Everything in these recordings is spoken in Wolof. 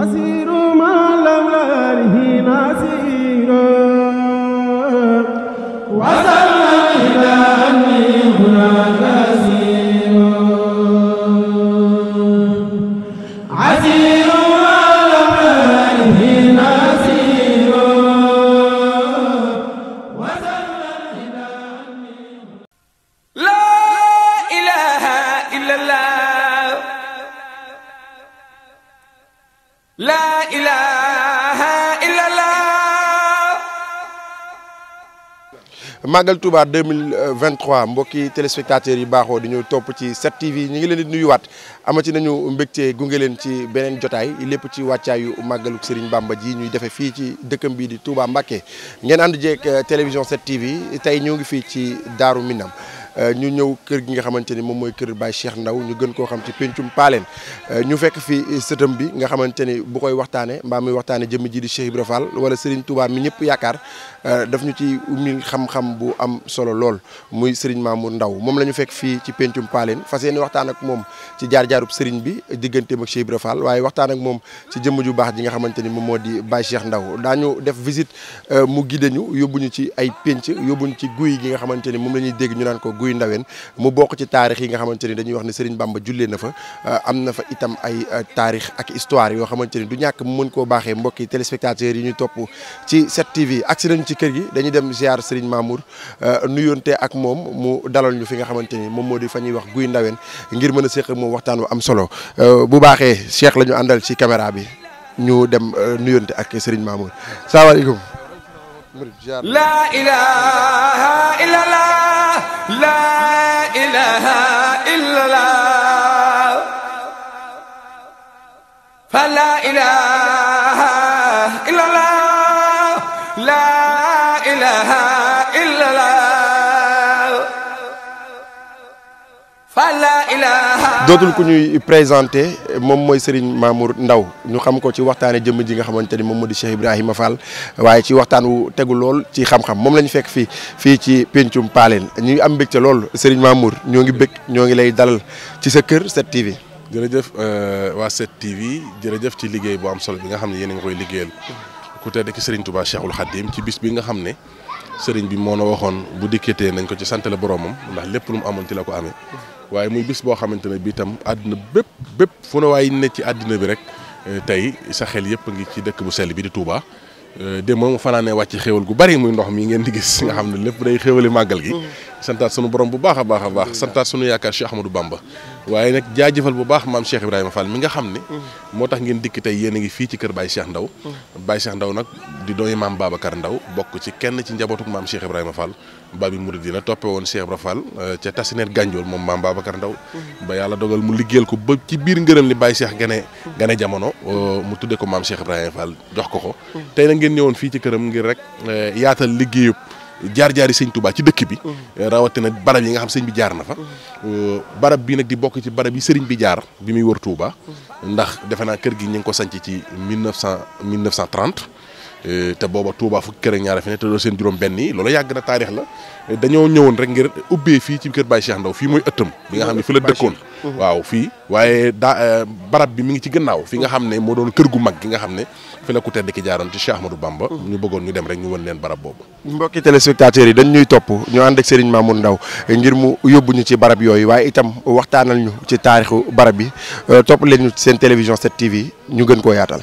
asiiru ma lawlaarihi nasiiru wasalla ilaa anni Magal Touba 2023 mbokki téléspectateurs yi baaxoo di ñu topp ci 7TV ñu ngi leen di nuyuwaat amati nañu mbégte gunge leen ci beneen jotaay lépp ci wàccaayu màggalu Serigne Bamba ji ñuy defee fii ci dëkkam bii di Touba Mbacké ngeen ànd jeeg euh, télévision 7TV tey ñoo ngi fii ci Daaru Minam Euh, ñu ñëw kër gi nga xamante ni moom mooy kër Baye Cheikh Ndaw ñu gën koo xam ci péncum paaleen euh, ñu fekk fi sëtam bi nga xamante ni bu koy waxtaane mbaam mi waxtaane jëmm ji di Cheikh Ibra Fall wala Serigne mi ñëpp yaakaar euh, daf ñu ci umil xam bu am solo lool muy Serigne Mamour Ndaw moom la ñu fekk fii ci péncum paaleen fas yéene waxtaan ak moom jaar-jaarub Serigne bi digganteem ak Cheikh Ibra waaye waxtaan ak moom ci jëmm ju baax ji nga xamante ni moom moo di Baye Cheikh Ndaw daañu def visite mu guidé ñu yóbbuñu ci ay pénc yóbbuñu ci guy gi nga xamante ni moom la ñuy dégg ñu naan ko guy ndawen mu bokk ci taarix yi nga xamante ni dañuy wax ne Serigne Bamba jullee na fa euh, am na fa itam ay euh, taarix ak histoire yoo xamante ni du ñàkk mu mën koo baaxee mbokki téléspectateurs yi ñu topp ci 7TV agsi nañu ci kër gi dañuy dem ziar Serigne Mamour euh, nuyoonte ak moom mu dalal ñu fi nga xamante ni moom moo di fa ñuy wax guy ndawen ngir mën a séq moom waxtaan wu am solo bu baaxee Cheikh la ñu àndal ci caméra bi ñu dem nuyoonte ak Serigne laa ilaaha illallaah fa laa ilaaha illallaah laa ilaaha illallaah dootul ku ñuy présenté moom mooy Serigne Mamour Ndaw ñu xam ko ci waxtaane jëmm ji nga xamante ni moom moo di Cheikh Ibrahima Fall waaye ci waxtaan wu tegu lool ci xam-xam moom la ñu fekk fii fii ci Pencum Paleen ñu am mbégte lool Serigne Mamour ñoo ngi bég ñoo ngi lay dalal ci sa kër 7TV. jërëjëf euh, waa 7TV jërëjëf ci liggéey bu am solo bi nga xam ne yéen a ngi koy liggéeyal ku tedd ki Serigne Touba Cheikhul Khadim ci bis bi nga xam ne Serigne bi moo na waxoon bu dikkatee nañ ko ci sant la boromam ndax lépp lu mu amoon ci la ko amee. waaye muy bis boo xamante ne bii tam àddina bépp bépp fu na waay ne ci àddina bi rek euh, tey sa xel yëpp ngi ci dëkk bu sell bi di Touba. Euh, démb mu fanaanee wàcc xéwal gu bari muy ndox mi ngeen di gis mm. nga xam ne lépp day xéwali màggal gi. Mm. santaat sunu borom bu baax a baax a baax. santaat sunu yaakaar Cheikh Ahmadou Bamba. waaye nag jaajëfal bu baax maam Cheikh Ibrahima Fall mi nga xam ne. Mm. moo tax ngeen dikk tey yéen ngi fii ci kër Baye Cheikh Ndaw. Baye Cheikh Ndaw nag di dooy maam Babacar Ndaw bokk ci kenn ci njabootuk maam Cheikh Ibrahima Fall. Babi Mouridina toppe woon Cheikh Ibra Fall euh, ca Tasineet Gànjool moom maam Babacar Ndaw ba yàlla dogal mu liggéeyal ko ba ci biir ngërëm li Baye Cheikh gane gane jamono euh, mu tudde ko maam Cheikh Ibrahima Fall jox ko ko tey na ngeen ñëwoon fii ci këram ngir rek euh, yaatal liggéeyub jaar-jaari sëñ Touba ci dëkk bi rawatina barab yi nga xam sëñ bi jaar na fa barab bi nag di bokk ci barab yi sëriñ bi jaar bi muy war tuuba ndax defe naa kër gi ñu ngi ko sanc ci 1900 1930 Euh, te booba Touba fukki kër ak ñaar fi ne te loolu seen juróom benn yi loolu yàgg na taarix la dañoo ñëwoon rek ngir ubbee fii ci kër Baye Cheikh Ndaw fii mooy ëttam bi nga xam ne fi la dëkkoon waaw fii waaye daa euh, barab bi mu ngi ci gannaaw fii nga xam ne moo doon kër gu mag gi nga xam ne fi la ku tedd ki jaaroon ci Cheikh Ahmadou Bamba mm-hmm. ñu bëggoon ñu dem rek ñu won neen barab boobu mbokki téléspectateurs yi dañ ñuy topp ñu ànd ak Serigne Ndaw ngir mu yóbbu ci barab yooyu waaye itam waxtaanal ñu ci taarixu barab bi euh, topp leen seen télévision 7 TV ñu gën koo yaatal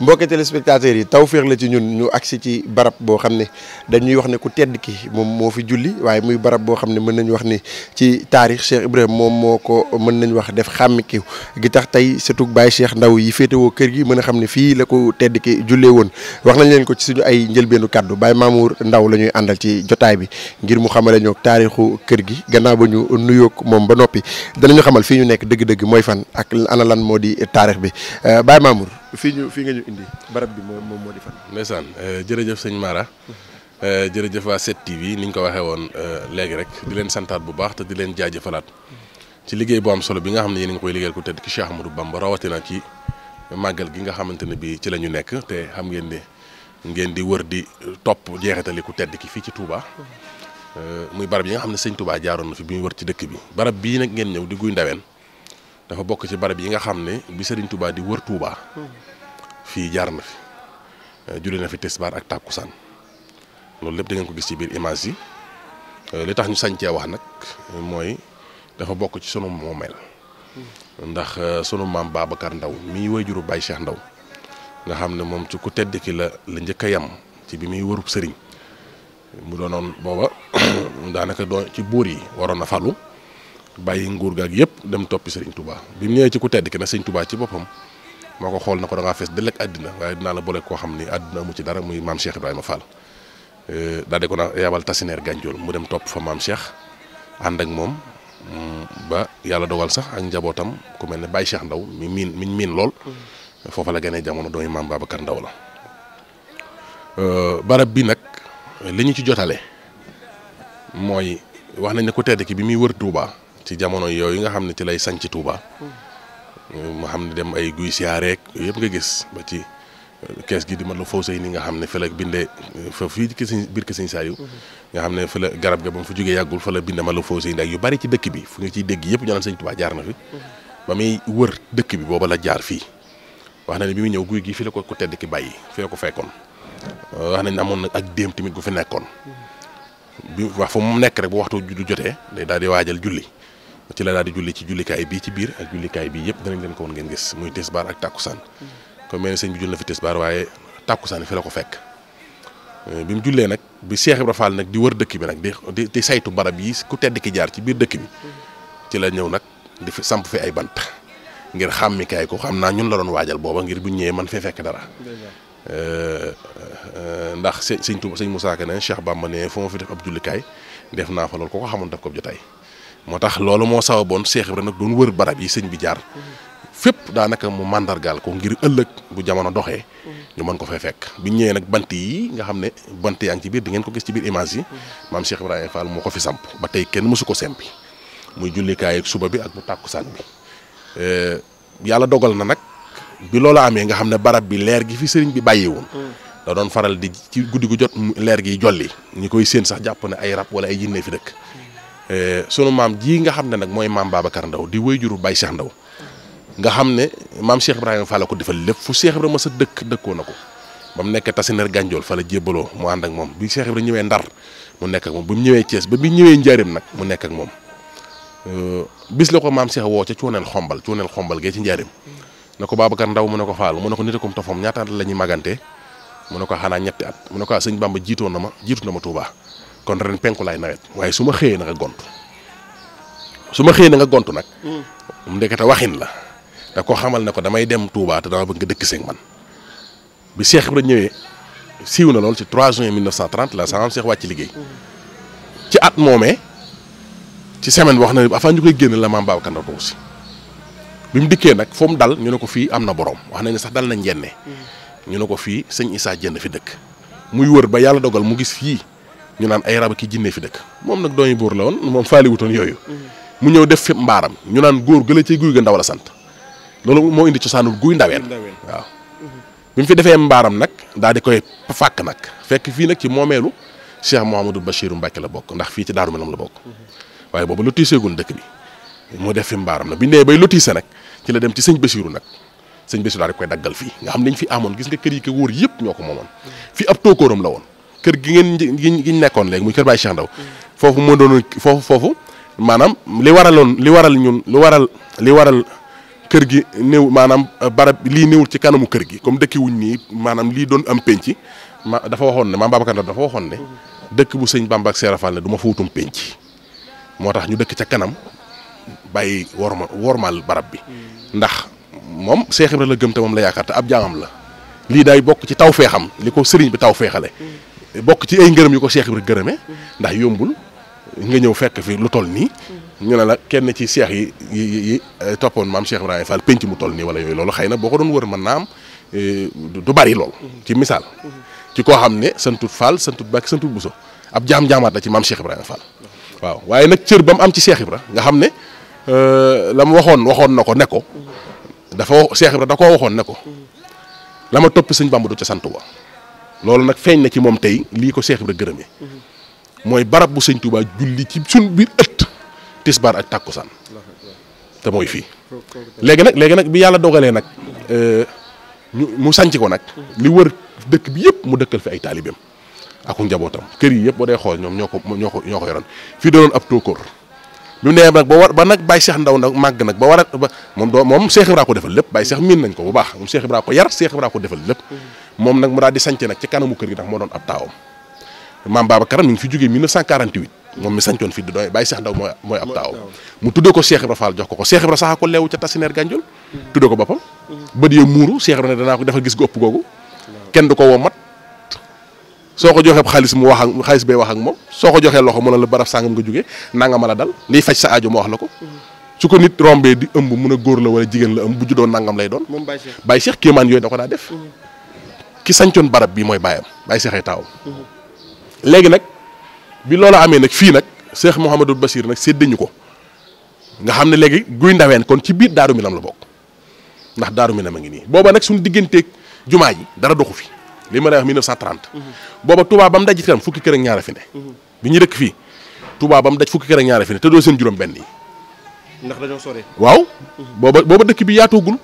mbokki téléspectateurs yi tawféex la ci ñun ñu agsi ci barab boo xam ne dañuy wax ne ku tedd ki moom moo fi julli waaye muy barab boo xam ne mën nañu wax ni ci taarix Cheikh Ibrahima moom moo ko mën nañu wax def xàmmikiw gi tax tey surtout baay Cheikh Ndaw yi féetewoo kër gi mën a xam ne fii la ko tedd ki jullee woon wax nañ leen ko ci suñu ay njëlbeenu kàddu Baye Mamour Ndaw la ñuy àndal ci jotaay bi ngir mu xamale ñoo taarixu kër gi gannaaw ba ñu nuyoog moom ba noppi danañu xamal fii ñu nekk dëgg-dëgg mooy fan ak ana lan moo di taarix bi euh, Baye Mamour fii ñu fii nga ñu indi barab bi moom moo di fan. ndeysaan euh, jërëjëf sëñ Mara euh, jërëjëf waa 7TV ni ñu ko waxee woon euh, léegi rek di leen santaat bu baax te di leen jëfalaat ci liggéey bu am solo bi nga xam ne yéen a ngi koy liggéeyal ku tedd ki Cheikh Amadou Bamba rawatina ci màggal gi nga xamante ne bii ci la ñu nekk te xam ngeen ne ngeen di wër di topp jeexitali ku tedd ki fii ci Touba. muy barab yi nga xam ne sëñ Touba jaaroon na fi bi muy wër ci dëkk bi barab bii nag ngeen ñëw di guy ndaween dafa bokk ci barab yi nga xam ne bi sëriñ Touba di wër tuubaa fii jaar na fi euh, julli na fi tisbaar ak tàkkusaan loolu lépp da ngeen ko gis ci biir image yi euh, li tax ñu sañcee wax nag mooy dafa bokk ci sunu moomeel ndax euh, sunu maam baabakar Ndaw mii way juru bàyyi Cheikh Ndaw nga xam ne moom ci ku tedd ki la la njëkk a yem ci bi muy wërub sëriñ mu doonoon booba daanaka doo ci buur yi waroon a falu bàyyi nguur gaag yëpp dem toppi sëriñ Touba bi mu ñëwee ci ku tedd ki nag sëriñ Touba ci boppam moo ko xool na ko da ngaa fees dëll ak àddina waaye dinaa la boole koo xam ni àddina amu ci dara muy maam Cheikh Ibrahima Fall eh, daal di ko na yabal tasineer gànjool mu dem topp fa maam seex ànd ak moom mm, ba yàlla dogal sax ak njabootam ku mel ne baay Cheikh Ndaw mi miin miñ miin lool mm. foofa la gënee jamono doomi maam Babacar Ndaw la eh, barab bi nag li ñu ci jotale mooy wax nañ ne ku tedd ki bi muy wër tuubaa ci jamono yooyu nga xam ne ci lay sañ ci tuubaa mm. ma xam ne dem ay guy siyaareek rek yëpp nga gis ba ci euh, kees gi di man la faw sëy ni nga xam ne fa la bindee euh, fa fii ci biir kër Sëñ Saliou mm-hmm. nga xam ne fa la garab ga ba mu fa jógee yàggul fa la binde mat la faw sëy ak yu bari ci dëkk bi fu nga ciy dégg yëpp ñu naan Sëñ Tuubaa jaar na fi mm-hmm. ba muy wër dëkk bi booba la jaar fii wax na ne bi muy ñëw guy gi fi la ko ku tedd ki bàyyi fi ko fekkoon euh, wax nañ amoon na ak déem tamit gu fi nekkoon mm-hmm. bi wax fa mu nekk rek bu waxtu du jotee day daal di waajal julli ci la daal di julli ci jullikaay bii ci biir ak jullikaay bii yëpp danañ leen ko woon ngeen gis muy tisbaar ak tàkkusaan mm. kon mel ni sëñ bi jull na fi tisbaar waaye fi la ko fekk euh, bi mu jullee nag bi Cheikh Ibra Fall nag di wër dëkk bi nag di di saytu barab yi ku tedd ki jaar ci biir dëkk bi mm. ci la ñëw nag di fi samp fi ay bant ngir xàmmikaay ko xam naa ñun la doon waajal booba ngir bu ñëwee man fee fekk dara euh, euh, ndax sëñ Tuuba sëñ Musaa Ka ne Cheikh Bamba ne fu ma fi def ab jullikaay def naa fa loolu ko xamoon daf ko jotaay moo tax loolu moo sababoon Seex Ibra nag doon wër barab yi sëñ bi jaar fépp daanaka mu màndargaal ko ngir ëllëg bu jamono doxee ñu mën ko fay fekk bi ñëwee nag bant yi nga xam ne bant yaa ci biir di ngeen ko gis ci biir image yi maam Cheikh Ibrahima Fall ko fi samp ba tey kenn mësu ko sempi muy jullikaay ak suba bi ak bu tàkkusaan bi eh, yàlla dogal na nag bi loola amee nga xam ne barab bi leer gi fi sëriñ bi bàyyi woon da doon faral di ci guddi gu jot leer gi jolli ñi koy séen sax jàpp ne ay rab wala ay jinne fi dëkk Eh, sunu maam ji nga xam ne nag mooy maam Babacar Ndaw di wéyjuru Baye Cheikh Ndaw nga xam ne maam Cheikh Ibrahima Fall la ko defal lépp fu Cheikh ma sa dëkk dëkkoo na ko ba mu nekk Tasineer Gànjool fa mu ànd ak moom bi Cheikh Ibrahima ñëwee Ndar mu nekk moom ba mu ñëwee Thiès ba bi ñëwee Njaareem nag mu nekk ak moom eh, bis la ko maam Cheikh woo ca cooneel xombal cooneel xombal gee ci Njaareem na ko Babacar Ndaw mu ne ko Fall mu ne ko nitakum tofam ñaata at la ñuy magante mu ne ko xanaa ñetti at mu ne ko ah, sëñ Bamba jiitoo na ma jiitu na ma Touba kon ren penku laay nawet waaye su ma xëyee na nga gont su ma xëyee na nga gont nag. mu mm. ndekete waxin la te ko xamal ne ko damay dem Touba te dama bëgg nga dëkk seeg man bi Cheikh Ibrahima ñëwee siiw na lool ci 3 juin 1930 la sama Cheikh wàcc liggéey mm. ci at moomee ci semaine wax na avant ñu koy génn la maam Babacar Ndao Doussi bi mu dikkee nag foo dal ñu ne ko fii am na borom wax nañ ne sax dal nañ njenne mm. ñu ne ko fii sëñ Issa jënd fi dëkk muy wër yàlla dogal mu gis fii. ñu naan ay rab ki jinne fi dëkk moom nag doomi buur la woon moom faali wutoon yooyu mu ñëw def fépp mbaaram ñu naan góor gëla ci guy ga ndaw la sant loolu moo indi cosaanul guy ndaween waaw bi mu fi defee mbaaram nag daal di koy fàkk nag fekk fii nag ci moomeelu Cheikh Mouhamadou Bachir Mbacke la bokk ndax fii ci Daaru Minam la bokk waaye boobu lotiiseegul dëkk bi mu def fi mbaaram nag bi nee bay lotiise nag ci la dem ci sëñ Bachirou nag sëñ Bachirou daal koy daggal fii nga xam ne ñu fi amoon gis nga kër yi ko wóor yëpp ñoo ko moomoon fii ab tookóoram la woon kër gi ngeen gi gi ñu nekkoon léegi muy kër Baye Cheikh Ndaw foofu moo doon foofu foofu maanaam li waraloon li waral ñun lu waral li waral kër gi néew maanaam barab lii néwul ci kanamu kër gi comme dëkki wuñ nii maanaam lii doon am penc ma dafa waxoon ne maam Babacar Ndaw dafa waxoon ne dëkk bu sëñ Bamba ak Seera Fall ne du ma fa moo tax ñu dëkk ca kanam bàyyi worma wormaal barab bi ndax moom Seex Ibra la gëm te moom la yaakaar te ab jaamam la lii day bokk ci taw feexam li ko sëriñ bi taw feexale bokk ci ay ngërëm yi ko Cheikh Ibra gërëme ndax yombul nga ñëw fekk fi lu tol nii ñu ne la kenn ci seex yi yi eh, toppoon maam Cheikh Ibrahima Fall penc mu toll nii wala yooyu loolu xay na boo ko doon wër ma naa am eh, du bari lool. ci misaal. ci koo xam ne santut Fall santut Bakk santu buso ab jaam jaamaat la ci maam Cheikh Ibrahima Fall. waaw waaye nag cër ba am ci Cheikh ra nga xam ne eh, la mu waxoon waxoon na ko ne ko dafa Cheikh Ibra da koo waxoon ne ko la ma topp sëñ Bamba ca sant wa loolu nag feeñ na ci moom tey lii ko Seex Ibra gërëme mooy barab bu sëñ Touba julli ci suñ biir ëtt tisbaar ak tàkkusaan te mooy fii léegi nag léegi nag bi yàlla dogalee nag euh, ñu mu sanc ko nag li war dëkk bi yëpp mu dëkkal fi ay taalibeem ak njabootam kër yi yëpp boo dee xool ñoom ñoo ko ñoo ko ñoo ko fii da doon ab tóokóor bi mu nee nag ba war ba nag Baye Cheikh ndaw ndaw màgg nag ba war a ba moom doo moom Cheikh Ibra ko defal lépp Baye Cheikh miin nañ ko bu baax moom Cheikh Ibra ko yar Cheikh Ibra ko defal lépp mm-hmm. moom nag mu daal di sance nag ci kanamu kër gi ndax moo doon ab taawam maam Babacar mi ngi fi jógee 1948 moom mi sancoon fi di doy Baye Cheikh ndaw mooy mooy ab taawam mu tuddee ko Cheikh Ibra Fall jox ko ko Cheikh Ibra sax ko leewu ca tasineer gànjul mm-hmm. tuddee ko boppam mm-hmm. bët yo muuru Cheikh Ibra ne danaa ko defal gis gu ëpp googu ko woo mat soo ko joxee xaalis mu wax ak xaalis bay wax ak moom soo ko joxee loxo mu a la barab sàngam nga jógee nanga ma la dal liy faj sa ajo ma wax la ko su ko nit rombee di ëmb mun a góor la wala jigéen la ëmb bu juddoo nangam lay doon Baye Cheikh kéemaan yooyu da ko daa def mm-hmm. ki sancoon barab bi mooy baayam Baye Cheikh ay taawam mm-hmm. léegi nag bi loolu amee nag fii nag Cheikh Mouhamadou Bassir nag séddañu ko nga xam ne léegi guy ndaween kon ci biir daaru minam la bokk ndax daaru minam a ngi nii booba nag suñu digganteeg jumaa ji dara doxu fi li ma lay wax 1930. booba Touba bam mu daj itam fukki kër ak ñaar fi ne. bi ñu dëkk fii Touba bam mu daj fukki kër ak ñaar fi te doo seen juróom-benn yi. ndax dañoo sore. waaw booba booba dëkk bi yaatoogul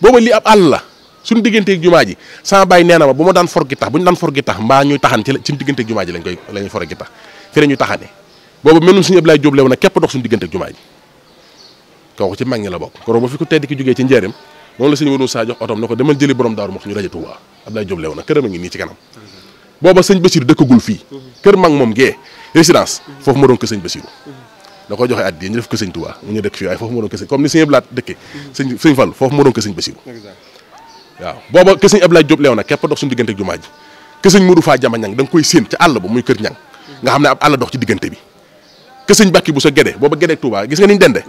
booba lii ab àll la suñu digganteeg jumaa ji sama baay nee na ma bu ma daan for gi tax bu ñu daan for gi tax mbaa ñuy taxan ci la suñu digganteeg jumaa ji lañ koy lañuy for gi tax fi la ñuy taxane booba menum suñu Ablaye Diop lew na képp dox suñu digganteeg jumaa ji kooku ci mag la bokk. koroo ba fi ko jógee ci njëriñ noonu la sëñ Modou Moussa jox otom na ko demal jëli borom daaru wax ñu daje Touba Abdoulaye Diop Lew na këram a ngi nii ci kanam booba sëñ Bassirou dëkkagul fii kër mag moom gee résidence foofu ma doon ko sëñ Bassirou da ko joxe addi ñu def ko sëñ mu ñu dëkk fii waaye foofu ma doon ko sëñ comme ni sëñ Blaat dëkke sëñ sëñ foofu ma doon ko sëñ Bassirou waaw booba ke sëñ Abdoulaye Diop Lew na képp dox suñu diggante ak jumaa ji ke sëñ Modou Faa Jama Ñang da nga àll ba muy kër ñang nga xam ne ab àll dox ci diggante bi ke sëñ Bàkki bu sa Gédé booba Gédé ak Touba gis nga niñ dende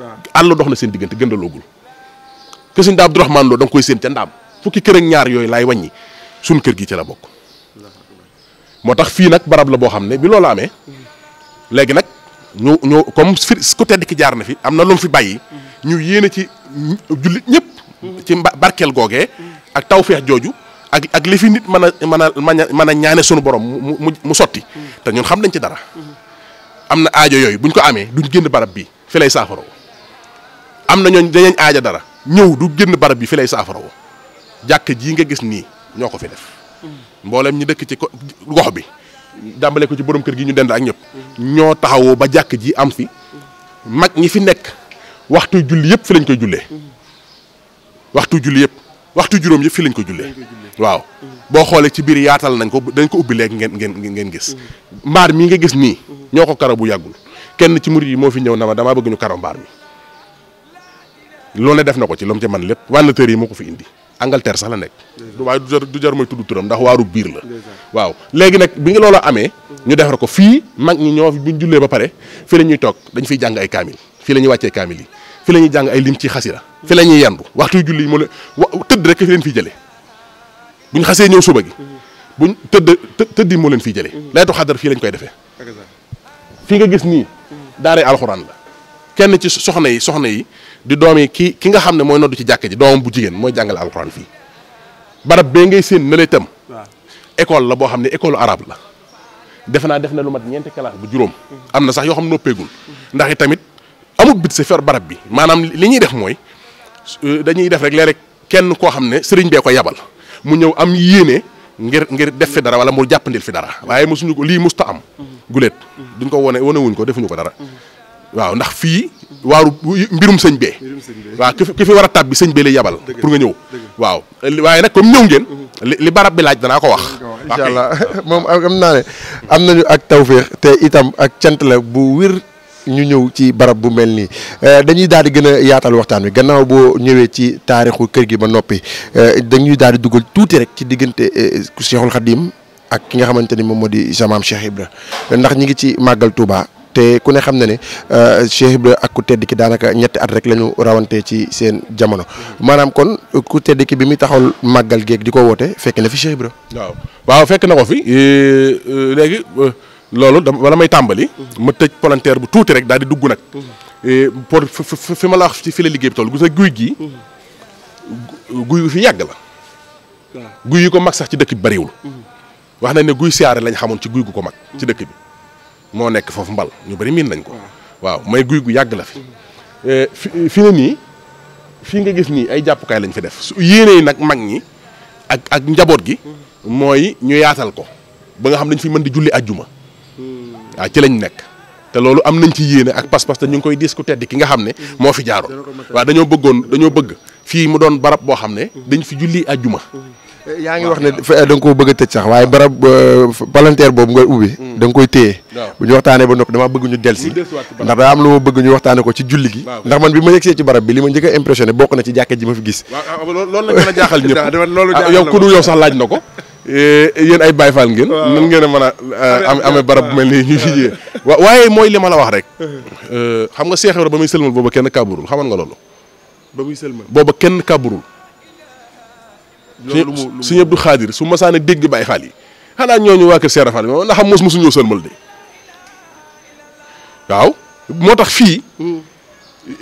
kër sëñ daa Abdourahmane Lo da koy séen ca ndaam fukki kër ak ñaar yooyu laay wàññi suñ kër gi ci la bokk moo tax fii nag barab la boo xam ne bi loolu amee léegi nag ñu ñu comme fi tedd ki jaar na fi am na lu fi bàyyi ñu yéene ci jullit ñëpp ci barkeel googee ak tawfeex jooju ak ak li fi nit mën a mën a mën a ñaane sunu borom mu mu sotti te ñun xam nañ ci dara am na aajo yooyu buñ ko amee duñ génn barab bi fi lay saafaro am na ñooñ dañañ aaja dara ñëw du génn barab yi fi lay saafara jàkk jii nga gis nii ñoo ko fi def mboolem ñi dëkk ci ko gox bi dàmbale ko ci borom kër gi ñu dend ak ñëpp ñoo taxawoo ba jàkk ji am fi mag ñi fi nekk waxtu julli yëpp fi lañ koy jullee waxtu julli yëpp waxtu juróom yëpp fi lañ ko jullee waaw boo xoolee ci biir yaatal nañ ko dañ ko ubbi léegi ngeen ngeen ngeen gis mbaar mi nga gis nii ñoo ko karaw bu yàggul kenn ci murid yi moo fi ñëw na ma damaa bëgg ñu karaw mbaar mi loolu def na ko ci lu mu ci man lépp wanlateurs yi moo ko fi indi Angleterre sax la nekk waaye du jar du jar mooy tudd turam ndax waaru biir la waaw léegi nag bi nga loolu amee ñu defar ko fii mag ñi ñoo ñu jullee ba pare fii la ñuy toog dañ fiy jàng ay kaamil fii la ñuy wàccee kaamil yi fii la ñuy jàng ay lim ci xasida fi la ñuy yandu waxtu julli yi moo leen wa tëdd rek fi leen fiy jëlee buñ xasee ñëw suba gi buñ tëdd tëdd yi moo leen fiy jëlee mm. laytu xadar fii lañu koy defee fii nga gis nii mm. daaree alxuraan la kenn ci soxna yi soxna yi di doom yi ki ki nga xam ne mooy noddu ci jàkka ji doomam bu jigéen mooy jàngale alxuraan fii barab bee ngay séen na la itam école la boo xam ne école arabe la defe naa def na lu mat ñeenti classe bu juróom am na sax yoo xam noppeegul ndax tamit amul bit sa fer barab bi maanaam li ñuy def mooy euh, dañuy def rek léeg rek kenn koo xam ne sëriñ bee ko yabal mu ñëw am yéene ngir ngir def fi dara wala mu jàppandil fi dara waaye mosuñu ko lii musta am mhm. guléet duñ ko wone wone ko defuñu ko dara mhm. waaw ndax fii waaru mbirum sëñ bee waaw ki ki fi war a tàbbi sëñ bee lay yabal pour nga ñëw waaw waaye nag comme ñëw ngeen mhm. li barab bi laaj danaa ko wax incha allah moom am naa ne am nañu ak tawféex te itam ak cant la bu wir ñu ñëw ci barab bu mel nii eh, dañuy daal di gën a yaatal waxtaan wi gannaaw boo ñëwee ci taarixu kër gi ba noppi eh, dañuy daal di dugal tuuti rek ci diggante eh, Cheikhul Khadim ak ki nga xamante ni moom moo di jamaam Cheikh Ibra ndax ñi ngi ci màggal Touba te ku ne xam na ne euh, Cheikh Ibra ak ku tedd ki daanaka ñetti at rek la ñu rawante ci seen jamono maanaam kon ku tedd ki bi muy taxawal màggal géeg di ko woote fekk na fi Cheikh Ibra waaw waaw fekk na ko fi léegi euh, loolu dama wala may tàmbali. ma tëj polanteer bu tuuti rek daal di dugg nag. pour fi ma la wax ci fi la liggéey bi toll gis nga guy gii. guy gu fi yàgg la. guy yi ko mag sax ci dëkk bi bariwul. Uhuh. wax na ne guy siyaare lañ xamoon ci guy gu ko mag. ci dëkk bi. moo nekk foofu mbal ñu bari miin nañ ko. waaw may guy gu yàgg la eh, fi. fi ne nii fii nga gis nii ay jàppukaay lañ fi def su yéenee nag mag ñi ak ak njaboot gi. Mm. mooy ñu yaatal ko ba nga xam dañ fi mën di julli ajjuma. Mm. waaw ci lañ nekk. te loolu am nañ ci yéene ak pas-pas ñu ngi koy dis ku tedd ki nga ne mm. moo fi jaaroon waaw dañoo bëggoon dañoo bëgg fii mu doon barab boo xam ne dañ fi julli ajjuma. Eh, yaa ngi wax ne eh, da nga koo bëgg a tëj sax waaye barab euh, palanteer boobu nga ubbi. Hmm. da nga koy téye. bu ñu waxtaanee ba noppi dama bëgg ñu delsi ndax daa am lu ma bëgg ñu waxtaane ko ci julli gi. ndax man bi ma yegsee ci barab bi li ma njëkk a impressionné bokk na ci jàkka ji ah, a jaaxal ñëpp ah, ah, yow ku dul yow sax laaj ko. Eh, yéen ay Baay Faal ngeen. nan ngeen a mën a am amee barab bu mel nii ñu fi jiyee. waaye mooy li ma la wax rek. xam nga Seex ba muy sëlmal booba kenn kàbburul xaman nga loolu. ba muy sëlmal booba kenn kàbburul sëñ Abdou Khadir su masaane dégg Baye Fall yi xanaa ñooñu waa kër Cheikh Rafal moom ndax xam mos mosu ñëw sëlmal de waaw moo tax fii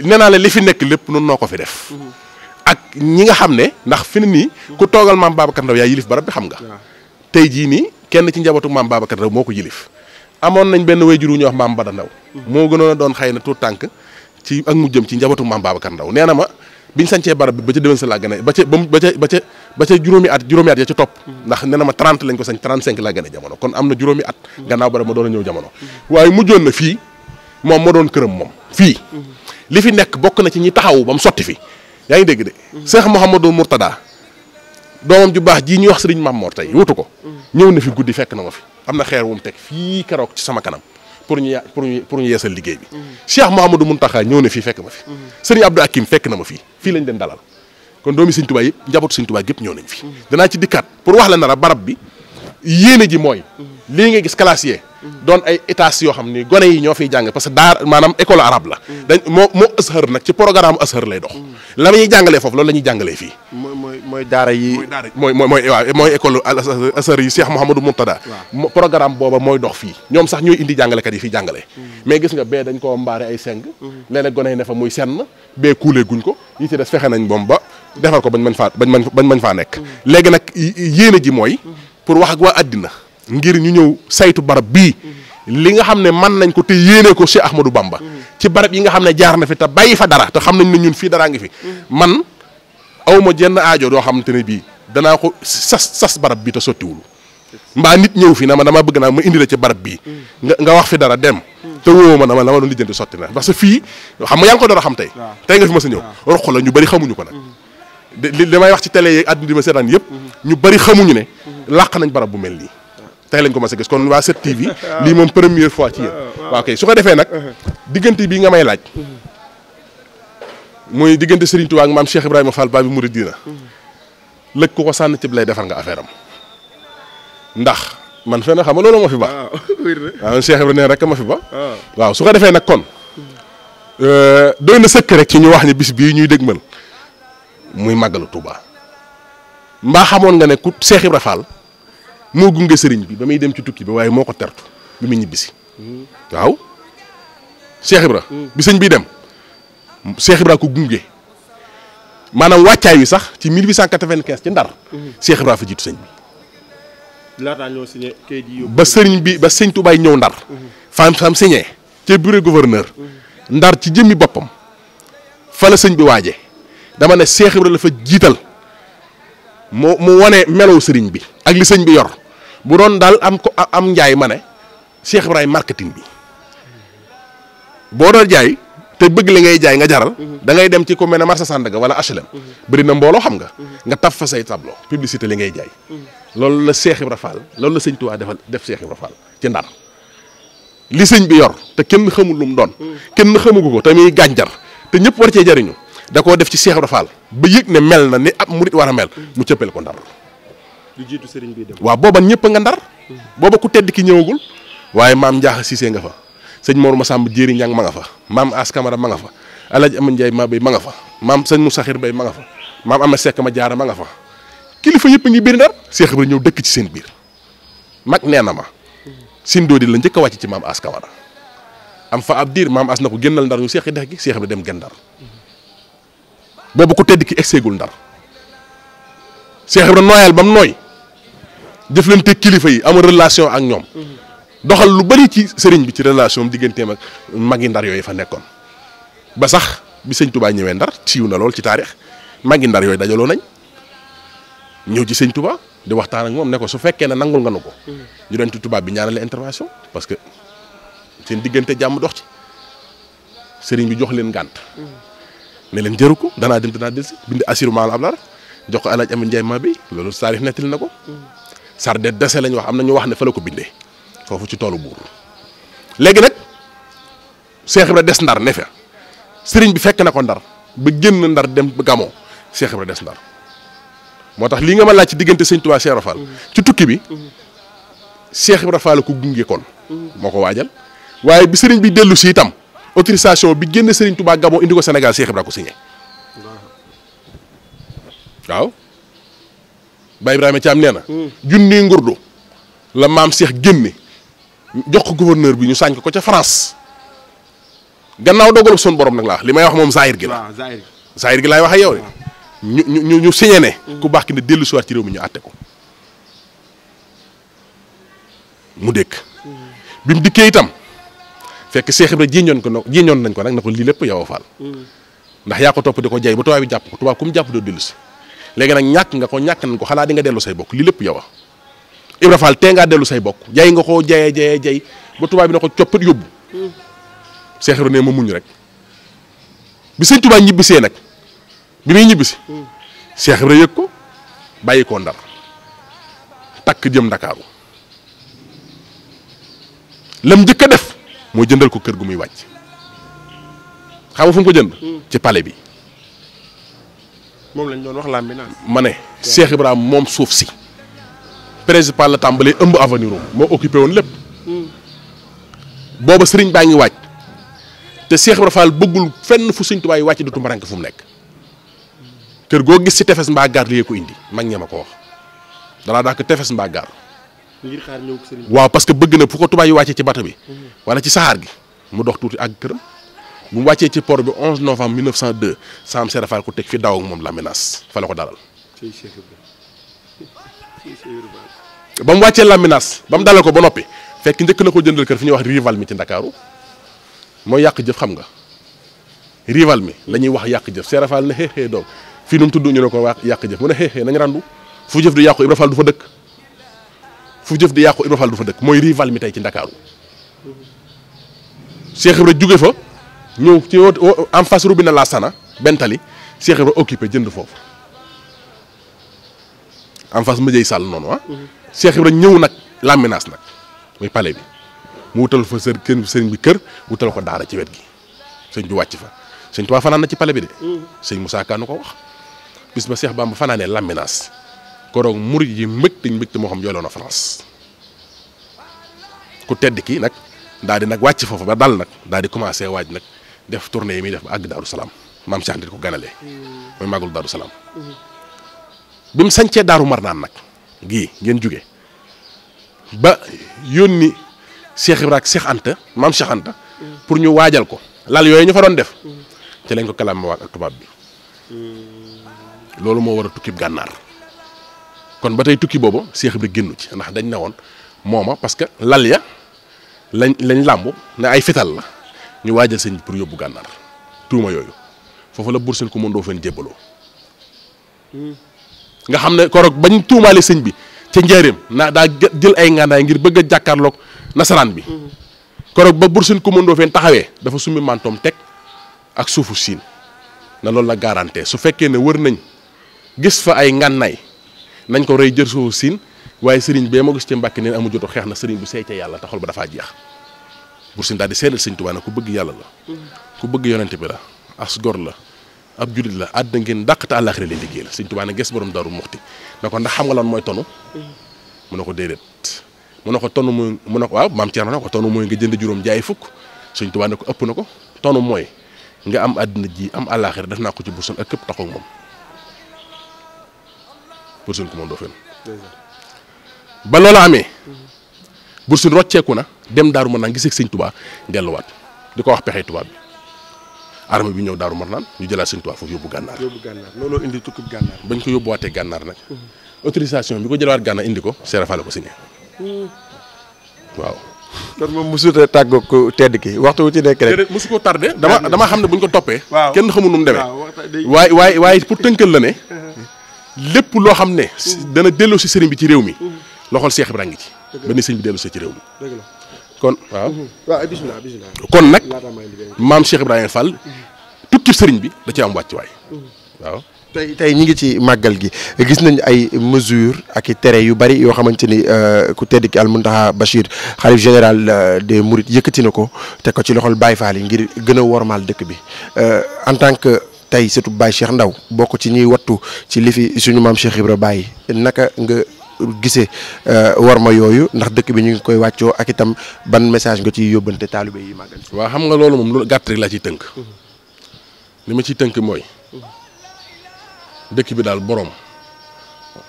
nee naa la li fi nekk lépp noonu noo ko fi def mhm. ak ñi nga xam ne ndax fi ne nii ku mhm. toogal maam Babacar Ndaw yaa yilif barab bi xam nga tey jii nii kenn ci njabootu maam Babacar Ndaw moo ko yilif amoon nañ benn way juru ñuy wax maam Bada Ndaw mhm. moo gënoon a doon xëy na tout tànk ci ak mujjëm ci njabatu maam Babacar Ndaw nee na ma biñ sancee barab bi ba ca déwén laa gën ba ca ba ba ca juróomi at juróomi at ya ci topp ndax nee na ma 30 lañ ko sañ 35 laa gën a kon am na juróomi at gannaaw ba ma doon a ñëw jamono waaye mujjoon na fii moom ma doon këram moom fii li fi nekk bokk na ci ñi taxawu ba mu sotti fi yaa ngi dégg de Cheikh Mouhamadou Mourtada doomam ju baax jii ñuy wax sëriñ Maam Mor tey wutu ko ñëw na fi guddi fekk na ma fi am na xeer wu mu teg fii keroog ci sama kanam pour ñu pour ñu yeesal liggéey bi Cheikh Mouhamadou Mountakha ñëw na fii fekk ma fi sëriñ Abdou Hakim fekk na ma fii fii lañ leen dalal kon doomi sëñ Tuubaa yëpp njabootu sëñ Tuubaa yëpp ñëw nañ fi danaa ci dikkaat pour wax la nara barab bi yéene ji mooy lii nga gis classier doon ay étages yoo xam ni gone yi ñoo fiy jàng parce que daar maanaam école arabe la dañ moo moo Azhar nag ci programme Azhar lay dox la ñuy jàngalee foofu loolu la ñuy jàngalee fii mooy mooy daara yi mooy mooy mooy waaw mooy école Azhar yi Cheikh Mouhamadou Mourtada programme booba mooy dox fii ñoom sax ñooy indi jàngalekat yi fiy jàngale mais gis nga bee dañ koo mbaare ay seng mm-hmm. léeg-léeg gone yi ne fa ko yi ci des fexe nañ boom ba defar ko bañ mën faa bañ mën bañ mën faa nekk. léegi nag yéene ji mooy. pour wax ak waa àddina ngir ñu ñëw saytu barab bii. li nga xam ne man nañ ko te yéene ko Cheikh Ahmadou Bamba. ci barab yi nga xam ne jaar na fi te bàyyi fa dara te xam nañ ne ñun fii daraa ngi fi. man aw ma jenn aajo doo xamante ne bii danaa ko sas sas barab bi te sottiwul. mbaa nit ñëw na ma dama bëgg naa ma indi la ci barab bii. nga nga wax fi dara dem. te woo ma na ma la ma doon lijjanti sotti na parce que fii xam nga yaa ngi ko dara xam tey. tey nga fi ma sa ñëw roq la ñu bari xamuñu ko nag. li may wax ci tele yeeg àdduna di ma seetaan yëpp mhm. ñu bari xamuñu ne làq nañ barab bu mel nii tey lañ ko ma a gis kon waa 7TV ah. lii moom première fois ci yéen ah, ah. su ko defee nag uh-huh. diggante bi nga may laaj uh-huh. mooy diggante Serigne Touba ak maam Cheikh Ibrahima Fall Babi Mouridina uh-huh. lëg ku ko sànn cib lay defar nga affaire ndax man fenn xam nga loolu ma fi baax waaw Cheikh Ibrahima nee rek ma fi ba waaw su ko defee nag kon euh, doy na sëkk rek ci ñu wax ne bis bii ñuy dégmal muy màggalu Touba mbaa xamoon nga ne ku Cheikh Ibra Fall moo gunge sëriñ bi ba muy dem ci tukki bi waaye moo ko tertu bi muy ñibbisi waaw Cheikh Ibra bi sëñ bi dem Cheikh Ibra ko gunge maanaam wàccaay wi sax ci 1895 ci ndar Cheikh Ibra fa jiitu sëñ bi laataa ñoo signé kayit yi ba sëriñ bi ba sëñ Touba ñëw ndar fam sam signé ca bureau gouverneur ndar ci jëmmi boppam fala sëñ bi waaje dama ne Cheikh la fa jiital mu mu wane melow sëriñ bi ak li sëñ bi yor bu doon daal am ko am njaay ma ne Cheikh ay marketing bi boo doon jaay te bëgg li ngay jaay nga jaral mhm. dangay dem ci ko mel ne marché Sandaga wala HLM mhm. bëri na mbooloo xam nga mhm. nga taf fa say tableau publicité li ngay jaay loolu la Cheikh Ibra loolu la sëñ waa defal def Cheikh Ibra Fall ci Ndar li sëñ bi yor te kenn xamul lu doon kenn xamugu ko te muy gànjar te ñëpp war cee jariñu da koo def ci Cheikh Ibra Fall ba yëg ne mel na ni ab murit war a mel mu cëppale ko ndar. lu jiitu sëriñ bi dem waaw booba ñëpp nga ndar. Mm-hmm. booba ku tedd ki ñëwagul. waaye maam Ndiakha Cissé nga fa sëñ Mor Massamba Diéry Niang ma nga fa maam As Camara ma nga fa El Hadj Amadou ma bay ma nga fa maam sëñ Moussa Khir Bay ma nga fa maam Amath Seck ma jaara ma nga fa kilifa yëpp ngi biir ndar Cheikh Ibra ñëw dëkk ci seen biir mag nee na ma. Mm-hmm. sin doodi la njëkk a wàcc ci maam As Camara am ab diir maam As na ko génnal ndar ñu seex i gi Cheikh Ibra dem gën ndar boobu ku tedd ki egseegul ndar Cheikh Ibrahima nooyal bam mu nooy jëflante kilifa yi amul relation ak ñoom mm-hmm. doxal lu bari ci sëriñ bi ci relation am digganteem ak magi ndar yooyu fa nekkoon ba sax bi sëñ Touba ñëwee ndar siiw na lool ci taarix magi ndar yooyu dajaloo nañ ñëw ci sëñ Touba di waxtaan ak moom ne su fekkee ne nangul nga nu ko mm-hmm. ñu doon ci Touba bi ñaanale intervention parce que seen diggante jàmm dox ci sëriñ bi jox leen ngànt mm-hmm. ne leen jëru ko danaa dem danaa delsi bind assurement la ablar jox ko alaaj amin njaay maa bi loolu saarif nettali na ko sarde dese lañ wax am na ñu wax ne fa la ko bindee foofu ci toolu buur léegi nag Cheikh Ibra des ndar ne fa sëriñ bi fekk na ko ndar ba génn ndar dem ba gamoo Cheikh Ibra des ndar moo tax lii nga ma laaj ci diggante sëñ Tuubaa Cheikh Ibra ci tukki bi Cheikh Ibra Fall la ko gunge kon moo ko waajal waaye bi sëriñ bi dellu si itam autorisation bi génn Serigne Touba Gabon indi ko Sénégal Cheikh Ibra ko signé waaw Baye Ibrahima Thiam nee na. Hmm. junni ngurdu la maam Cheikh génne jox ko gouverneur bi ñu sànq ko ca France gannaaw dogalu son borom nag laa li may wax moom Zahir gi la. Zahir gi laay wax ak yow de. ñu ñu ñu ne. Hmm. ku baax ki ne dellu si waat ci réew mi ñu àtte ko hmm. mu dëkk. bi mu dikkee itam. fekk Cheikh Ibra jiiñoon ko jiiñoon nañ ko nag na ko lii lépp yow Fall mm. ndax yaa ko topp ko jay ba tubaab bi jàpp ko tubaab ku mu jàpp doo dellu si léegi nag ñàkk nga ko ñàkk nañ ko xalaat di nga dellu say bokk lii lépp yow a Ibra Fall tee ngaa dellu say bokk jay nga koo jayee jayee jay ba tubaab bi na ko coppit yóbbu mm. Cheikh Ibra ne ma muñ rek bi sëñ Tuubaa ñibbisee nag bi muy ñibbisi mm. Cheikh Ibra yëg ko bàyyi ko ndar takk jëm ndakaaru lam njëkk a def moo jëndal ko kër gu muy wàcc xam nga fu ko jënd. Hmm. ci pale bi. moom lañ doon wax laam bi naan. ma ne Cheikh moom suuf si. principal la tàmbalee ëmb avenir am moo occupé woon lépp. Hmm. booba sëriñ baa ngi wàcc. te Cheikh Ibrahima Fall bëggul fenn fu sëñ Tuubaa wàcc du tumaranke fu mu nekk. kër goo gis si tefes mbaa gaar li ko indi mag ña ma ko wax. dalaa daa ko tefes mbaa gaar. ngir xaar ñëw sëriñ waaw parce que bëgg na fu ko tubaab yi wàccee ci bato bi. wala ci saxaar gi mu dox tuuti ak këram. bu mu wàccee ci port bi 11 novembre 1902 Sam Serafal ko teg fi daaw moom la menace fa la ko dalal. ba mu wàccee Laminas ba mu dalal ko ba noppi fekk njëkk na ko jëndal kër fi ñuy wax rival mi ci ndakaaru mooy yàq jëf xam nga rival mi la ñuy wax yàq jëf Serafal ne xeexee doom fii nu mu tudd ñu ne ko yàq jëf mu ne xeexee nañ randu fu jëf du yàqu Ibra fu jëf di yàqu Ibra Fall du fa dëkk mooy rival mi tey ci Ndakaaru Cheikh Ibra jóge fa ñëw ci en face robinet la sana bentali Cheikh Ibra occupé jënd foofu en face ma jëy sàll noonu ah mhm. Cheikh Ibra ñëw nag laminaas nag mooy pale bi mu wutal fa sër kër sëriñ bi kër wutal ko daara ci wet gi sëñ bi wàcc fa sëñ Tuubaa fanaan na ci pale bi de mhm. sëñ Moussa Ka ko wax bis ba Cheikh Bamba fanaanee laminaas koroog murit yi mbëgte mbëgte moo xam jooyloo na France ku tedd kii nag daal di nag wàcc foofu ba dal nag daal di commencé waaj nag def tournée yi muy def ba àgg Daaru Salaam maam Cheikh ko ganalee mm. mooy màggul Daaru Salaam mm-hmm. bi mu sancee Daaru nag gii ngeen jóge ba yónni Cheikh Ibra ak Cheikh Anta mm. pour ñu waajal ko lal yooyu ñu fa doon def mm. ci lañ ko kalaame waat ak tubaab bi loolu moo war a tukkib gànnaar kon ba tey tukki boobu Cheikh Ibra génnu ci ndax dañ ne woon mooma parce que lal ya lañ lañ làmb ne ay fital la ñu waajal sëñ pour yóbbu gànnaar tuuma yooyu foofu la Buur Sine Kumba Ndoofeen jébbaloo hmm. nga xam ne koroog bañ tuumaale sëñ bi ca njaareem na daa jël ay ngàndaay ngir bëgg a jàkkaarloog nasaraan bi hmm. koroog ba Buur Sine Kumba Ndoofeen taxawee dafa summi mantoom teg ak suufu siin na loolu la garanté su fekkee ne wër nañ gis fa ay ngànnaay nañ ko rey jër soo siin waaye sëriñ bee ma gis ci mbàkki neen amu jotu xeex na sëriñ bu seey ca yàlla taxol ba dafaa jeex Buur Siin daal di seelal sëñ Tuubaa ne ku bëgg yàlla la ku bëgg yonente bi la as gor la ab julit la àddina ngeen dàq te àllaaxira leen liggéey la sëñ Tuubaa ne ges borom daru muxti na ndax xam nga lan mooy tonu mu ne ko déedéet mu ne ko tonu mooy mu ne ko waaw maam Thierno ne ko tonu mooy nga jënd juróom jaay fukk sëñ Tuubaa ko ëpp na ko tonu mooy nga am àddina ji am àllaaxira def naa ko ci Buur Siin ak képp taxoog moom Bour Sine ku ma Ndofène ba loola amee Bour Sine rocceeku na dem Daaru Marnaan gisee sëñ Tuubaa delluwaat di ko wax pexey tubaab bi armée bi ñëw Daaru Marnaan ñu jëlaat sëñ Tuubaa foofu yóbbu gànnaar yóbbu looloo indi tukki gànnaar bañ ko yóbbuwaatee gànnaar nag autorisation bi ko jëlawaat gànnaar indi ko seerafale ko signé hmm. waaw kon moom mosutee tàggoo ko tedd ki waxtu wu ci nekk rek mosu ko tardé dama dama xam ne buñ ko toppee kenn xamul nu mu demee waaye waaye waaye pour tënkal la ne lépp loo xam ne. dana delloo si sëriñ bi ci réew mi. loxol Seex Ibra ngi ci. ba ni sëriñ bi delloo si ci réew mi. kon waaw. Mhm. waaw kon nag maam Cheikh Ibrahima Fall. ci sëriñ bi da ci am wàccuwaay. Mhm. waaw. tey tey ñi ngi ci màggal gi gis nañ ay mesures ak i tere yu bari yoo xamante ni euh, ku tedd ki Almuntaxa Bachir xalif général euh, de Mourides yëkkati na ko teg ko ci loxol Baye Fall yi ngir gën a wormaal dëkk bi euh, en tant que. tey surtout Baye Cheikh Ndaw bokk ci ñuy wattu ci li fi suñu maam seex Ibra bàyyi naka nga gisee euh, war ma yooyu ndax dëkk bi ñu ngi koy wàccoo ak itam ban message nga ciy yóbbante taalibe yi màggal. waaw xam nga loolu moom loolu gàtt rek laa ciy tënk. li ma ciy tënk mooy. dëkk bi daal borom.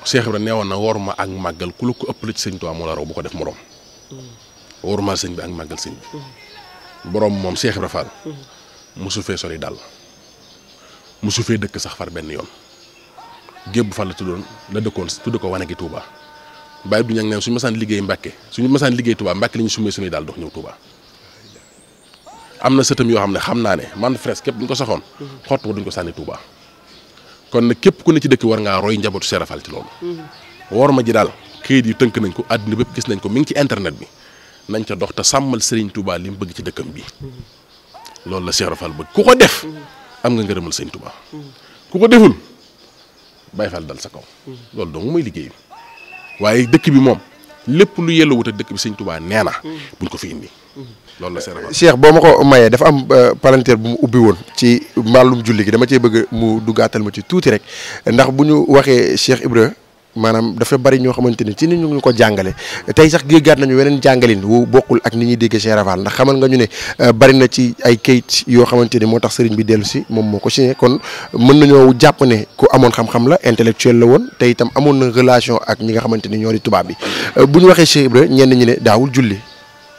Cheikh Ibra neewoon na war ma ak màggal ku la ko ci sëñ Tuubaa moo bu ko def morom. war ma sëñ bi ak màggal mm-hmm. moom Cheikh Ibra Fall. Mm-hmm. daal. musu fee dëkk sax far benn yoon gébb fan la tuddoon la dëkkoon tudde ko wane gi Touba bàyyi du ñag neen suñu masaan liggéey Mbàkke suñu masaan liggéey Touba Mbàkke la ñu sumee suñuy daal dox ñëw Touba am na sëtam yoo xam ne xam naa ne man fres képp duñ ko soxoon xott ba duñ ko sànni Touba kon nag képp ku ne ci dëkk war ngaa roy njabootu seerafal ci loolu wor ma ji daal këyit yi tënk nañ ko àddina bépp gis nañ ko mi ngi ci internet bi nañ ca dox te sàmmal Serigne Touba li mu bëgg ci dëkkam bi am nga ngërëmal sëñ Tuubaa ku ko deful Baay Faal dal sa kaw loolu dong mooy liggéey waaye dëkk bi moom lépp lu yelloo wut ak dëkk bi sëñ Tuubaa nee na buñ ko fi indi loolu la seen Cheikh boo ma ko mayee dafa am euh, palanteer bu mu ubbi woon ci mbàllum julli gi dama cee bëgg mu duggaatal ma ci tuuti rek ndax bu ñu waxee Cheikh Ibra maanaam dafa bari ñoo xamante ni ci ni ñu ngi ko jàngale tey sax déggaat nañu weneen jàngalin wu bokkul ak ni ñuy dégg Cheikh Rafal ndax xamal nga ñu ne euh, bari na ci ay kayit yoo xamante ni moo tax sëriñ bi dellu si moom moo ko signé kon mën nañoo jàpp ne ku amoon xam-xam la intellectuel la woon te itam amoon na relation ak ñi nga xamante ni ñoo di tubaab bi euh, bu ñu waxee Cheikh ñenn ñi ne daawul julli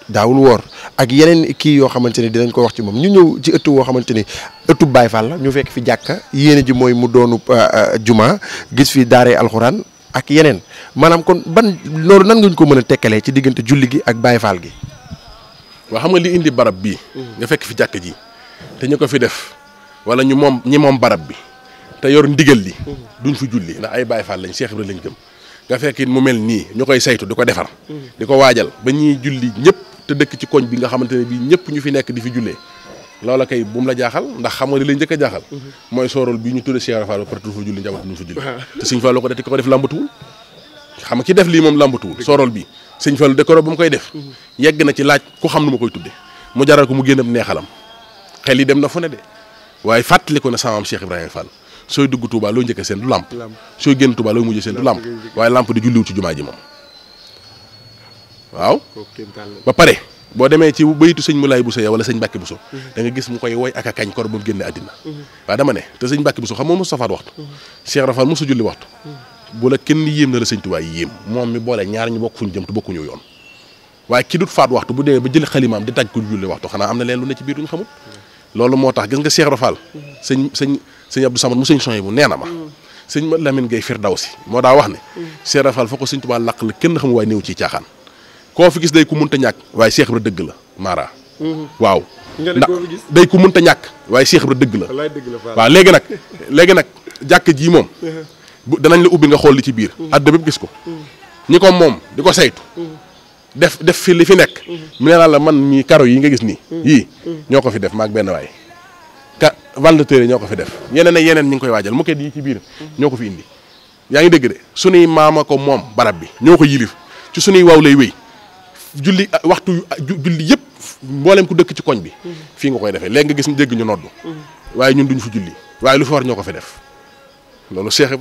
daawul woor ak yeneen kii yoo xamante ni dinañ ko wax ci moom ñu ñëw ci ëttu xamante ni ëttu Baay Faal la ñu fekk fi jàkka yéene ji mooy mu doonu euh, juma gis fi daaree alxuraan ak yeneen maanaam kon ban loolu nan nga ñu ko mën a tekkalee ci diggante julli gi ak baay Fall gi. waaw xam nga li indi barab bi nga fekk fi jàkk ji te ñu ko fi def wala ñu moom ñi moom barab bi te yor ndigal li. duñ fi julli ndax ay Baye Fall lañ Cheikh Ibrahima lañ gëm. nga fekk mu mel nii ñu koy saytu di ko defar. di ko waajal ba ñuy julli ñëpp te dëkk ci koñ bi nga xamante ne bii ñëpp ñu fi nekk di fi jullee. loolu kay bu mu la jaaxal ndax xam nga li lay njëkk jaaxal mhm. mooy soorol bi ñu tudde Cheikh Rafal ba pare tudd fa julli njabootu ñu fa julli te Sëñ Fallu ko def ko def làmbatuwul xam nga ki def lii moom làmbatuwul soorol bi Sëñ Fallu décoré ba mu koy def mhm. yegg na ci laaj ku xam nu ma koy tudde mu jaral ko mu génn am neexalam xel yi dem na fu ne de waaye fàttali ko ne samaam Cheikh Ibrahima Fall sooy dugg Touba looy seen làmp sooy génn Touba looy mujjee seen du làmp waaye làmp di julliwu ci jumaa ji moom waaw ba pare boo demee ci bayitu sëñ Moulay bu ya wala sëñ Mbàkke Bousso da nga gis mu koy woy ak a kañ kor bu génne àddina mhm. waaw dama ne te sëñ Mbàkke Bousso xam moo mhm. mosu safaat waxtu mhm. bu la kenn yéem na la sëñ Tuubaa yéem moom mi boole ñaar ñu bokk fuñu jëm te bokkuñu yoon waaye ki dut faat waxtu bu dee ba jël xalimaam di taj ko julli waxtu xanaa am na leen lu ne ci biir moo tax gis nga Cheikh Rafal sëñ sëñ sëñ Abdou Samad mu sëñ soñ bu nee na ma sëñ Lamine Gueye si moo daa wax ne Cheikh Rafal foo ko sëñ Tuubaa làq la kenn xamul waaye néew ciy caaxaan koo fi gis day ku munta ñàkk waaye Cheikh Ibra dëgg la Mara. Mm-hmm. waaw ndax day ku munta ñàkk waaye Cheikh Ibra dëgg la waaw léegi nag léegi nag jàkk ji moom danañ la ubbi nga xool li ci biir mm-hmm. àdduna bépp gis ko mm-hmm. ñi ko moom di ko saytu def def fi li fi nekk mu ne naa la man ñi karo yi nga gis nii yii ñoo ko fi def maak benn waay ka vendeteurs yi ñoo ko fi def yeneen ak yeneen ñu ngi koy waajal moquette yi ci biir ñoo ko fi indi yaa ngi dégg de sunuy maama ko moom barab bi ñoo ko yilif ci sunuy waaw lay wéy julli ah, waxtu ah, julli yëpp mboolem ku dëkk ci koñ bi. Mm-hmm. fii nga koy defee léegi nga gis ñu dégg ñu noddu. Mm-hmm. waaye ñun duñ fi julli waaye lu fi war ñoo ko fi def. loolu Cheikh a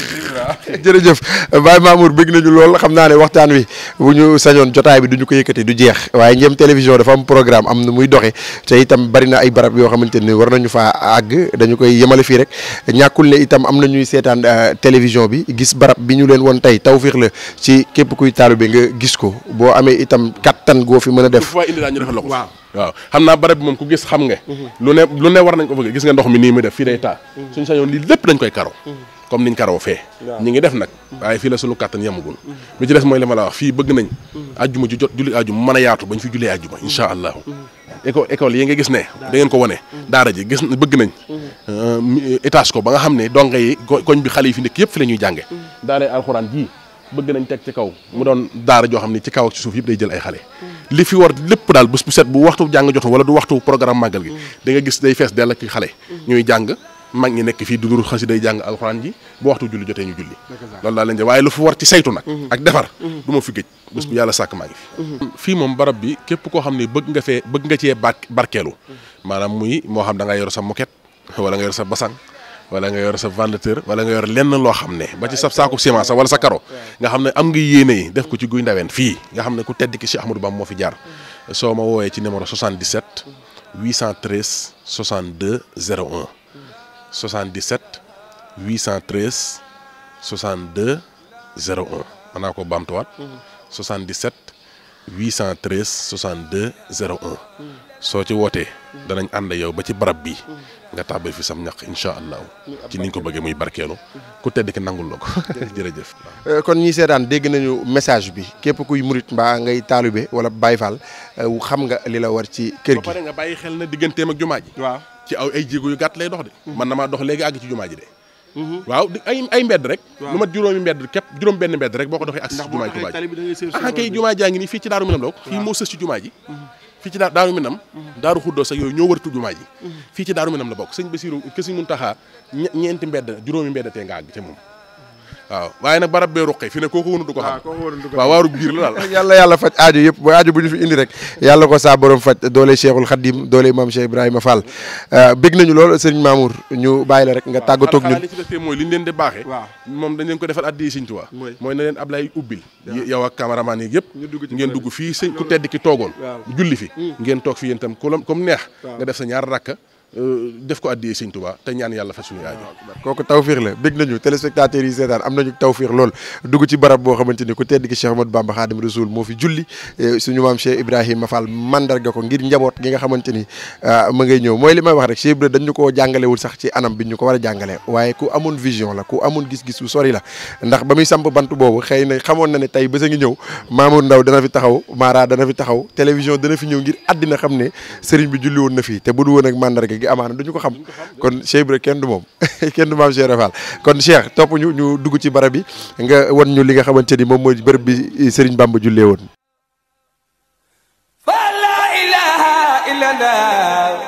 jërëjëf Baye Mamour bëgg nañu lool xam naa ne waxtaan wi bu ñu sañoon jotaay bi du ko yëkkati du jeex waaye njëm télévision dafa am programme am na muy doxe te itam bari na ay barab yoo xamante ni war nañu faa àgg dañu koy yemale fii rek ñàkkul ne itam am na ñuy seetaan euh, télévision bi gis barab bi ñu leen woon tey tawfiix la ci képp kuy taalibe nga gis ko boo amee itam kattan goo fi mën a def. waaw waaw xam naa barab bi moom ku gis xam nga mhm. lu ne lu ne war nañ ko bëgg gis nga ndox mi nii mi def fii day taa mhm. suñ sañoon lii lépp dañ koy karo mhm. comme niñ karoo fee ñi ngi def nag waaye fii la suñu kàttan yemagul lu ci des mooy li ma la wax fii bëgg nañ ajjuma ju jot julli ajjuma mën a yaatu bañ fi jullee ajjuma insha allahu école école yi nga gis ne da ngeen ko wane daara ji gis bëgg nañ euh, étage ko ba nga xam ne donga yi koñ bi xale yi fi nekk yëpp fi la ñuy jànge daara alxuraan ji bëgg nañ teg ci kaw mu doon daara joo xam ne ci kaw ak suuf yëpp day jël ay xale li fi war lépp daal bés bu set bu waxtu jàng jotoon wala du waxtu programme màggal gi da nga gis day fees dell ak xale ñuy jàng mag ñi nekk fii duduru xasi day jàng alxuraan ji boo waxtu julli jotee ñu julli lool laa leen di waaye lu fi war ci saytu nag mhm. ak defar mhm. du ma fi géej bés bu yàlla sàkk maa ngi fi mhm. fii moom barab bi képp koo xam ne bëgg nga fee bëgg nga cee barkeelu maanaam muy moo xam da nga sa moket wala nga yor sa basang wala nga yor sa vendeur wala nga yor lenn loo xam ne ba ci sa saaku ciment sa wala sa karo nga xam ne am ngi yéene def ko ci guy ndaween fii nga xam ne ku tedd ki Cheikh Ahmadou Bamba moo fi jaar soo ma woowee ci numéro 77 813 62 01 77 813 62 01 mën naa ko baamtuwaat 77 813 62 01 soo ci wootee mm-hmm. danañ ànd yow ba ci barab bi mm-hmm. nga tàbbal fi sam ñax incha allahu ci niñ ko bëggee muy barkeelu mm-hmm. ku tedd ki nangul la ko jërëjëf euh, kon ñi seetaan dégg nañu message bi képp kuy murit mbaa ngay taalibe wala Baay Faal euh, xam nga li la war ci kër gi ba nga bàyyi xel na digganteem ak jumaa ji waaw ci aw ay jéego yu gàtt lay dox de man na maa dox léegi àgg ci jumaa ji de waaw ay mbedd rek lu mat juróomi mbedd képp juróom benn mbedd rek boo ko doxee ak ah, jumaa ji jumaa ji ah kay jumaa fii ci daaru minam daaru xuddoo sax yooyu ñoo war tudd yi mhm. fii ci daaru minam la bokk sëñ Basiru ke sëñ Muntaxa ñeenti mbedd juróomi mbedd tee nga àgg ca moom waaw waaye nag barab bee ruqe fi ne kooku wonu du ko xam ah, waaw waaru biir la daal yàlla yàlla faj aajo yëpp bu aajo bu ñu fi indi rek yàlla ko saa borom faj doole Cheikhul Khadim doole Maam Cheikh Ibrahima Fall euh, bég nañu lool Serigne Mamour ñu bàyyi la rek nga tàggatoog ñun li ci des mooy li ñu leen di baaxee moom dañ leen ko defal addi Serigne Touba mooy na leen Ablaye ubbil yow ak cameraman yi yëpp ngeen dugg fii sëñ ku tedd ki toogoon julli fi mm. ngeen toog fi yéen tam comme neex nga def sa ñaar rakka Euh, def ko àddiyee sëñ Tuubaa te ñaan yàlla fa suñu aajo kooku tawfiix la bég nañu téléspectateurs yi seetaan am nañu tawfiix lool dugg ci barab boo xamante ni ku tedd ki Cheikh Ahmadou Bamba Xaadimu Rasuul moo fi julli euh, suñu maam Cheikh Ibrahima Fall mandarga ko ngir njaboot gi nga xamante ni euh, ma ngay ñëw mooy li may wax rek Cheikh Ibrahima dañu koo jàngalewul sax ci anam bi ñu ko war a jàngale waaye ku amoon vision la ku amoon gis-gis sori la ndax ba muy samp bant boobu xëy na xamoon na ne tey bés a ngi ñëw Ndaw dana fi taxaw Mara dana fi taxaw télévision dana fi ñëw ngir àddina xam ne sëriñ bi julli woon na fii te bu du woon ak mandarga gi amaana duñu ko xam kon Cheikh Ibra kenn du moom kenn du maam Cheikh Rafal kon Cheikh topp ñu ñu dugg ci barab bi nga wan ñu li nga xamante ni moom mooy bërëb bi Serigne Bamba jullee woon fa la ilaha illallah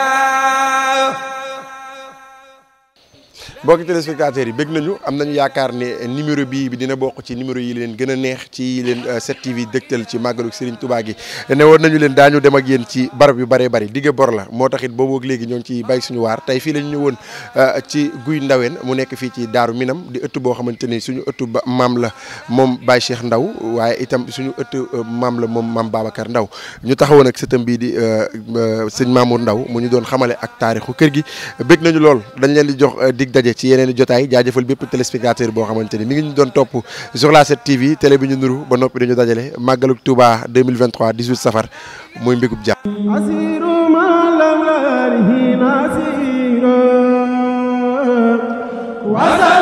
mbokki téléspectateurs yi bëgg nañu am nañu yaakaar ne numéro bii bi dina bokk ci numéro yi leen gën a neex ci leen 7TV euh, dëgtal ci màggalu Serigne Touba yi ne woon nañu leen daañu dem ak yéen ci barab yu bëree bëri digge bor la moo taxit it boobu ak léegi ñoo ngi ciy bay suñu waar tey fii la ñu ñëwoon euh, ci guy ndaween mu nekk fii ci daaru minam di ëtt boo xamante ni suñu ëttu maam la moom Baye Cheikh Ndaw waaye itam suñu ëtt euh, maam la moom maam Babacar Ndaw ñu taxawoon ak sëtam bii di sëñ Mamour Ndaw mu ñu doon xamale ak taarixu kër gi bëgg nañu lool dañ leen di jox dig daje ci yeneen i jotaay jaajëfal bépp téléspectateur boo xamante ni mi ngi ñu doon topp sur la 7 TV télé bi ñu nuru ba noppi dañu dajale màggalu Touba 2023 18 safar muy mbégub jàmm.